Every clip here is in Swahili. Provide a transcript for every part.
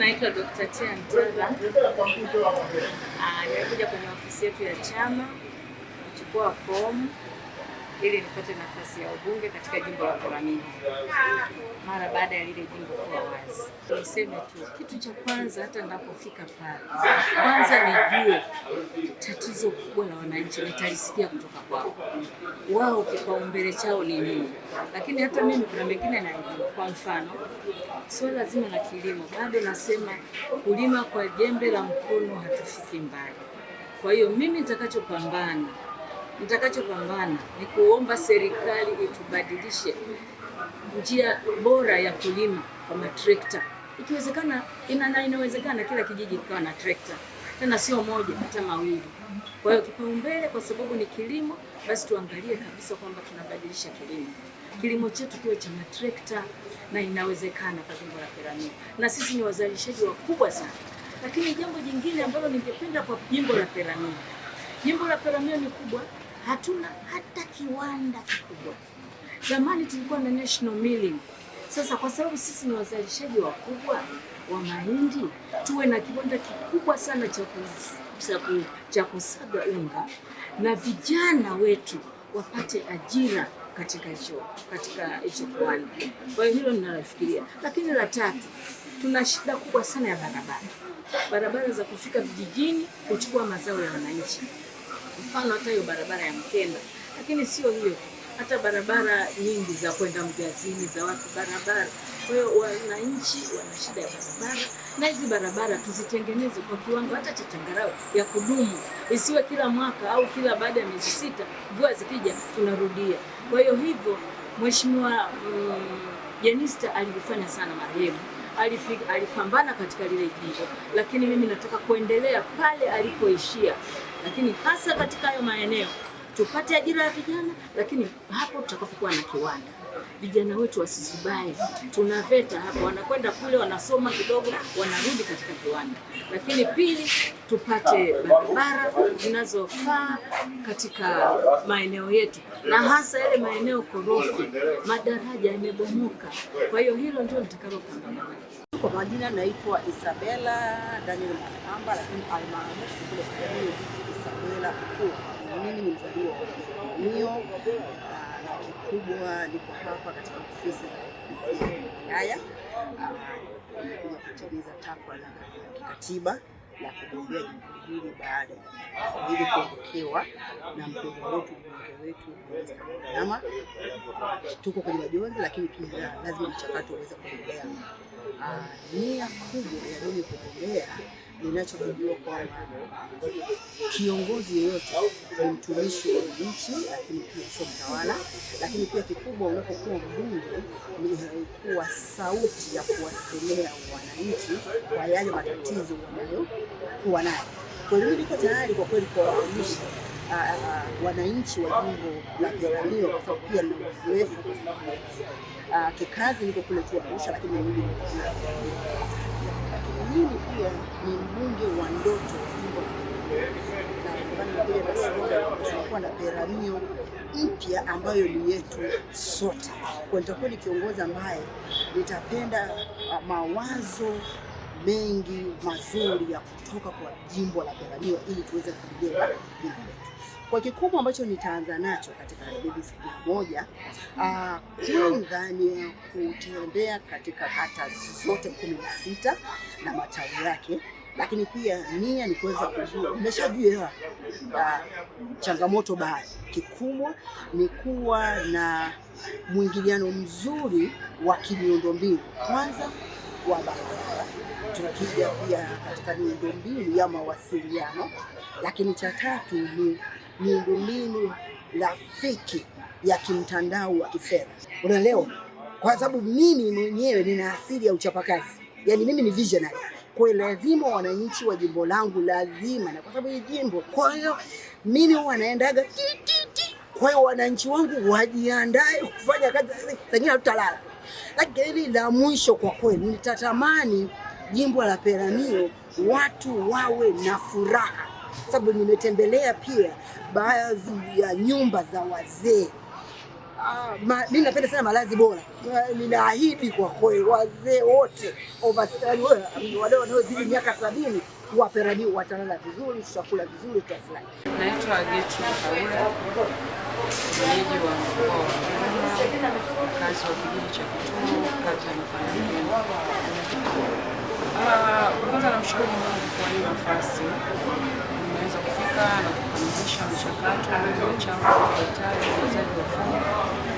Naitwa Dr. Tina Ah, Nimekuja kwenye ofisi yetu ya chama kuchukua fomu ili nipate nafasi ya ubunge katika jimbo la Peramiho mara baada ya lile jimbo kuwa wazi. Niseme tu kitu cha kwanza, hata ninapofika pale, kwanza nijue tatizo kubwa la wananchi, nitalisikia kutoka kwao, wao kipaumbele chao ni nini. Lakini hata mimi kuna mengine najua, kwa mfano swala so zima la kilimo, bado nasema kulima kwa jembe la mkono hatufiki mbali. Kwa hiyo mimi nitakachopambana Mtakachopambana ni kuomba serikali itubadilishe njia bora ya kulima kwa matrekta, ikiwezekana ina, inawezekana kila kijiji kikawa na trekta, tena sio moja hata mawili. Kwa hiyo kipaumbele, kwa sababu ni kilimo, basi tuangalie kabisa kwamba tunabadilisha kilimo kilimo chetu kiwe cha matrekta, na inawezekana kwa jimbo la Peramiho, na sisi ni wazalishaji wakubwa sana. Lakini jambo jingine ambalo ningependa kwa jimbo la Peramiho, jimbo la Peramiho ni kubwa hatuna hata kiwanda kikubwa. Zamani tulikuwa na national milling. Sasa kwa sababu sisi ni wazalishaji wakubwa wa mahindi, tuwe na kiwanda kikubwa sana cha kusaga unga na vijana wetu wapate ajira katika hicho katika hicho kiwanda. Kwa hiyo hilo ninalofikiria, lakini la tatu, tuna shida kubwa sana ya barabara, barabara za kufika vijijini kuchukua mazao ya wananchi mfano hata hiyo barabara ya Mkenda, lakini sio hiyo hata barabara nyingi za kwenda mjazini za watu barabara. Kwa hiyo wananchi wana shida ya barabara, na hizi barabara tuzitengeneze kwa kiwango hata cha changarawe ya kudumu, isiwe kila mwaka au kila baada ya miezi sita, mvua zikija tunarudia. Kwa hiyo hivyo Mheshimiwa mm, Jenista mm, alifanya sana marehemu alipambana katika lile jimbo, lakini mimi nataka kuendelea pale alipoishia, lakini hasa katika hayo maeneo tupate ajira ya vijana, lakini hapo tutakapokuwa na kiwanda vijana wetu wasizubai. Tunaveta hapa, wanakwenda kule, wanasoma kidogo, wanarudi katika viwanda. Lakini pili, tupate barabara zinazofaa katika maeneo yetu, na hasa yale maeneo korofi, madaraja yamebomoka. Kwa hiyo hilo ndio nitakalopambana. Kwa majina naitwa Isabela Daniel Makamba, lakini almaarufu kule Isabela Mkuu. Mimi ni mzaliwa wa Mio kikubwa niko hapa katika ofisi za wilaya kuja kutimiza takwa la kikatiba la kugombea jimbo hili baada ya ili kuondokewa na mpendwa wetu mbunge wetu Esther Tuko kwenye majonzi, lakini pia lazima mchakato uweze kuendelea. Ah, nia kubwa ya mimi kugombea, kwamba kiongozi yeyote ni mtumishi wa nchi, lakini pia sio mtawala. Lakini pia kikubwa, unapokuwa mbunge ni kuwa sauti ya kuwasemea wananchi kwa yale matatizo wanayokuwa nayo. Kwa hiyo niko tayari kwa kweli kuwawakilisha ah, ah, wananchi wa jimbo la Peramiho, kwa sababu pia nina uzoefu uh, kikazi niko kule tu Arusha, lakini mimi mimi pia ni mbunge wa ndoto tunakuwa na peramio mpya ambayo ni yetu sote. Kwa nitakuwa ni kiongozi ambaye nitapenda uh, mawazo mengi mazuri ya kutoka kwa jimbo la Peramio ili tuweze kujenga jimbo letu. Kwa kikubwa ambacho nitaanza nacho katika Baby Sikia Moja, ah, kwanza ni kutembea katika kata zote kumi na sita na matawi yake lakini pia nia ni kuweza kujua, nimeshajua ah, changamoto baadhi. Kikubwa ni kuwa na mwingiliano mzuri wa kimiundombinu, kwanza wa barabara, tukija pia katika miundombinu ya mawasiliano, lakini cha tatu ni miundombinu rafiki ya kimtandao wa kifedha, unaelewa? Kwa sababu mimi mwenyewe nina asili ya uchapakazi, yaani mimi ni visionary. Kwa hiyo lazima wananchi wa jimbo langu lazima, na kwa sababu hii jimbo, kwa hiyo mimi huwa naendaga kwa hiyo wananchi wangu wajiandae kufanya kazi, zingine tutalala. Lakini la mwisho kwa kweli, nitatamani jimbo la Peramiho watu wawe na furaha sababu nimetembelea pia baadhi ya nyumba za wazee. Ah, mi napenda sana malazi bora. Ninaahidi kwa kweli wazee wote wale wanaozidi miaka sabini waperajii watalala vizuri, tutakula vizuri, tutafurahi. Naitwa Getrude Kaula, mwenyeji wa mkoa wa Ruvuma, mkazi wa kijiji cha Kitumo, kata ya Mafanadeni. Ah, kwanza namshukuru Mungu kwa hii nafasi tumeweza kufika na kukamilisha mchakato wa mchango wa uhitaji uwezaji wa fomu.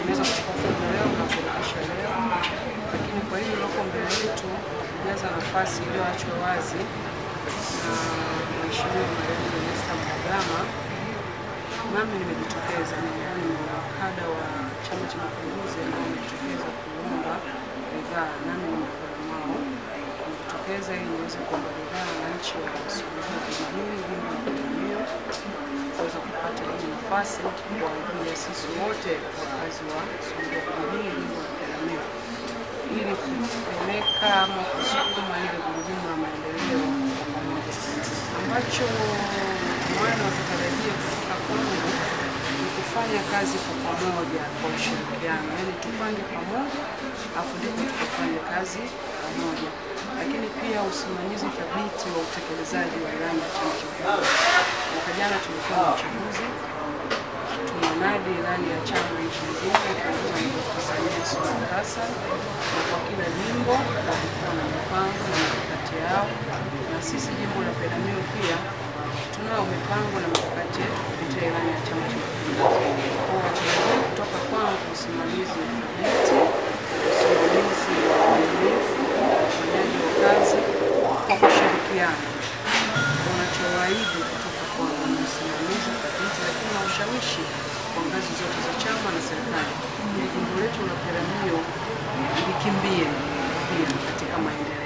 Tumeweza kuchukua fomu leo na kurudisha leo, lakini kwa hiyo loko mbele yetu kujaza nafasi iliyoachwa wazi na Mheshimiwa Naibu Minista Mhagama, nami nimejitokeza miongoni mwa kada wa Chama cha Mapinduzi ambao nimejitokeza kuomba ridhaa, nami nimekuwa nao kujitokeza ili niweze kuwaelezea wananchi wa Songea vijijini jimbo la Peramiho kuweza kupata hii nafasi kwa ajili ya sisi wote wakazi wa Songea vijijini jimbo la Peramiho ili kupeleka ama kusukuma ile gurudumu la maendeleo ambacho mwana tutarajia kutoka Kongo ni kufanya kazi kwa pamoja, kwa ushirikiano, yaani tupange pamoja, afu ndipo tukafanya kazi pamoja, lakini kusimamia usimamizi thabiti wa utekelezaji wa ilani ya chama cha mapinduzi. Mwaka jana tulikuwa na uchaguzi, tumenadi ilani ya chama nchi nzima ikiongozwa na Dkt. Samia Suluhu Hassan, na kwa kila jimbo walikuwa na mipango na mikakati yao, na sisi jimbo la Peramiho pia tunao mipango na mikakati yetu kupitia ilani ya chama cha mapinduzi. Kwa kutoka kwangu usimamizi thabiti, usimamizi wa uaminifu, ufanyaji wa kazi ushirikiano unachowaahidi kutoka kwa msimamizi, kabisa, lakini na ushawishi kwa ngazi zote za chama na serikali, ili jimbo letu la Peramiho likimbie pia katika maendeleo.